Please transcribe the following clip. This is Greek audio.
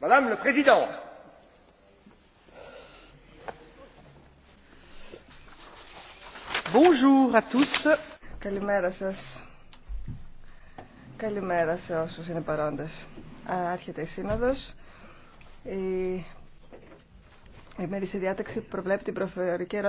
Madame le Président, Bonjour à tous. Καλημέρα σας. Καλημέρα σε όσους είναι παρόντες. Άρχεται η Σύνοδος. Η σε διάταξη προβλέπει την προφορική ερώτηση